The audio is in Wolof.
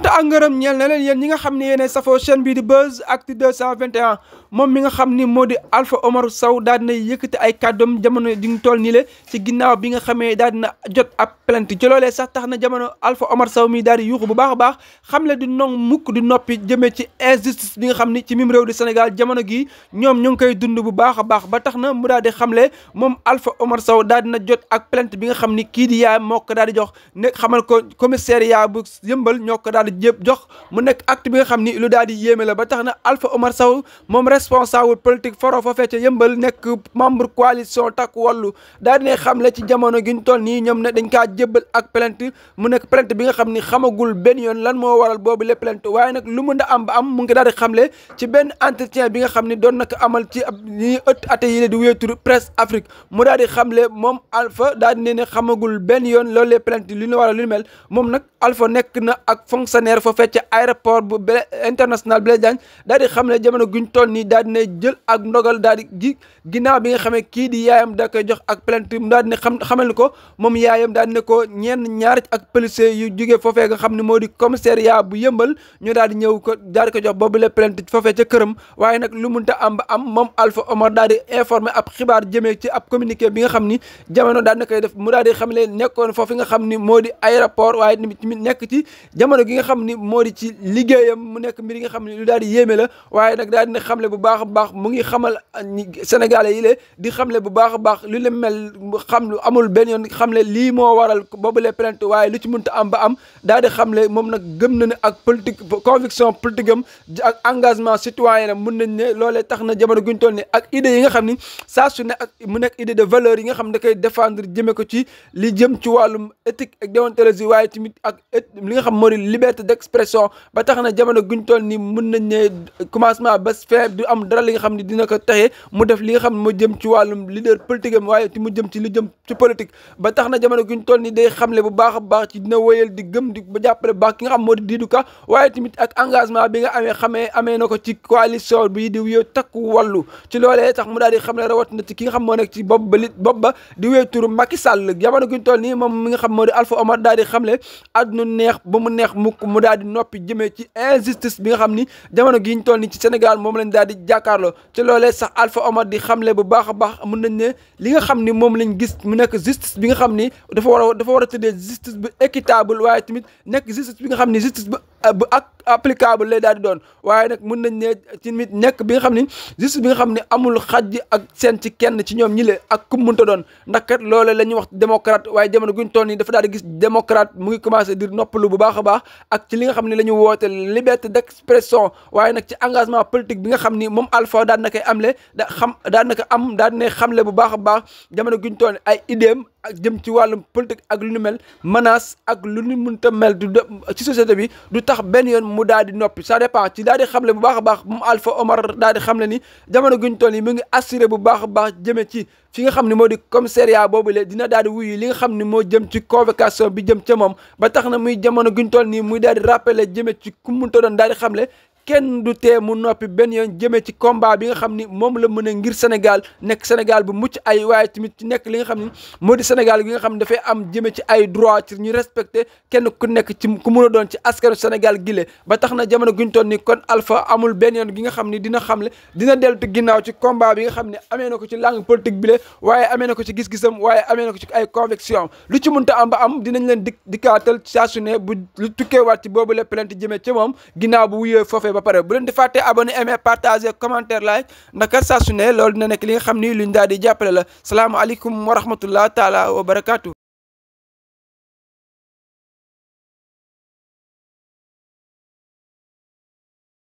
te ak ngërëm ñeel na leen yéen ñi nga xam ne yéenay safoo chaîne bii di Buzz moom mi nga xam ni moo di Alpha Omar saw daal dina yëkkati ay kàddoom jamono di nga toll nii la ci ginnaaw bi nga xamee daal dina jot ab plainte ci sax tax na jamono Alpha Omar Sow mi daal di yuuxu bu baax a baax xam le du nong mukk du noppi jëmee ci injustice bi nga xam ni ci mim réew di Sénégal jamono gii ñoom ñu ngi koy dund bu baax a baax ba tax na mu daal di le moom Alpha Omar saw daal dina jot ak plainte bi nga xam ni kii di yaay moo ko daal di jox ne xamal ko commissariat bu yëmbal ñoo ko xaalis yëpp jox mu nekk acte bi nga xam ni lu daal di la ba tax na Alpha Omar Sow moom responsable politique foro fa fecce yëmbal nekk membre coalition takku wàllu daal ne xam la ci jamono gi ñu toll nii ñoom ne dañ kaa jébbal ak plainte mu nekk plainte bi nga xam ni xamagul benn yoon lan moo waral boobu le plainte waaye nag lu mu nda am am mu ngi daal di xamle ci benn entretien bi nga xam ni doon naka amal ci ab ñi ëtt ate yi di wéetur presse Afrique mu daal di xamle moom Alpha daal di ne ne xamagul benn yoon loolee plainte li ñu lu mel moom nag Alpha nekk na ak fonction fonctionnaire foofee ca aéroport bu Blaise international Blaise Diagne daal di xam ne jamono guñ toll nii daal dina jël ak ndogal daal di gi ginnaaw bi nga xamee kii di yaayam da koy jox ak plainte mu daal dina xam xamal ko moom yaayam daal dina ko ñenn ñaar ak policier yu jógee foofee nga xam ne moo di commissariat bu yëmbal ñu daal di ñëw ko daal ko jox boobu la plainte foofee ca këram waaye nag lu munta am ba am moom Alpha Omar daal di informé ab xibaar jëmee ci ab communiqué bi nga xam ni jamono daal na koy def mu daal di xam ne nekkoon foofu nga xam ni moo di aéroport waaye nekk ci jamono gi nga xam ni moo di ci liggéeyam mu nekk mbir yi nga xam ne lu daal di la waaye nag daal dina xamle bu baax a baax mu ngi xamal sénégalais yi le di xamle bu baax a baax lu le mel xam lu amul benn yoon xamle lii moo waral boobulee plainte waaye lu ci mënta am ba am daal di xamle moom nag gëm na ne ak politique conviction politique am engagement citoyen am mun ne loolee tax na jamono guñ toll ni ak idées yi nga xam ni saa su ne ak mu nekk idée de valeur yi nga xam ne da koy défendre jëme ko ci li jëm ci wàllum éthique ak liberté d'expression ba tax na jamono guñ toll ni mën na ne commencement ba fin du am dara li nga xam ne dina ko taxee mu def li nga xam ne mu jëm ci wàllum leader politique am waaye mu jëm ci li jëm ci ba tax na jamono guñ toll ni day xamle bu baax baax ci dina wéyal di gëm di ba jàppale baax ki nga xam moo di Doudou Ka waaye tamit ak engagement bi nga amee xamee amee na ko ci coalition bi di wéy takku wàllu ci loolee tax mu daal di xamle na ci ki xam moo nekk ci bopp ba lit bopp ba di wéy turu xam moo di Alpha Omar neex ba mu neex mu donc mu daal di noppi jëmee ci injustice bi nga xam ni jamono gi ñu toll ni ci Sénégal moom lañ daal di jàkkaarloo ci loolee sax Alpha Omar di xamle ba baax a baax mun nañ ne li nga xam ni moom lañ gis mu nekk justice bi nga xam ni dafa war dafa war a tëddee justice bu équitable waaye tamit nekk justice bi nga xam ni justice bu Euh, bu ak applicable lay daal di doon waaye nag mun nañ ne ci nit nekk bi nga xam ne juste bi nga xam ne amul xaj ak seen ci kenn ci ñoom ñi le ak mun ta doon ndax kat loola la ñuy wax démocrate waaye jamono guñ toll nii dafa daal di gis démocrate mu ngi commencé di noppalu bu baax a baax ak ci li nga xam ne la ñu woote liberté d'expression waaye nag ci engagement politique bi nga xam ni moom Alpha daan na koy amle da xam daan na ko am daan ne xamle bu baax a baax jamono guñ toll ay idéem ak jëm ci wàllum politique ak lu nu mel menace ak lu nu mënta mel du ci société bi du tax benn yoon mu daal di noppi ça dépend ci daal di xamle bu baax a baax moom Alpha Omar daal di xamle ni jamono guñ toll yi mu ngi assuré bu baax a baax jëmee ci fi nga xam ne moo di commissariat boobu le dina daal di wuyu li nga xam ne moo jëm ci convocation bi jëm ca moom ba tax na muy jamono guñ toll nii muy daal di rappelé jëmee ci ku munta doon daal di xamle kenn du tee mu noppi benn yoon jëmee ci combat bi nga xam ni moom la mën a ngir Sénégal nekk Sénégal bu mucc ay waaye tamit ci nekk li nga xam ni moo di Sénégal bi nga xam ne dafay am jëmee ci ay droit ñu respecté kenn ku nekk ci ku mun a doon ci askanu Sénégal gile ba tax na jamono guñ toon ni kon Alpha amul benn yoon gi nga xam ni dina xam xamle dina deltu ginnaaw ci combat bi nga xam ne amee na ko ci langue politique bi le waaye amee na ko ci gis-gisam waaye amee na ko ci ay conviction lu ci munta am ba am dinañ leen di dikkaatal saa su ne bu lu tukkeewaat ci boobu leen plainte jëmee ca moom ginnaaw ba pare bu leen di fàttee abonné aimer partager commentaire like ndakar saa su ne loolu dina nekk li nga xam ni luñ daal di jàppale la salaamaaleykum wa rahmatullah taala wa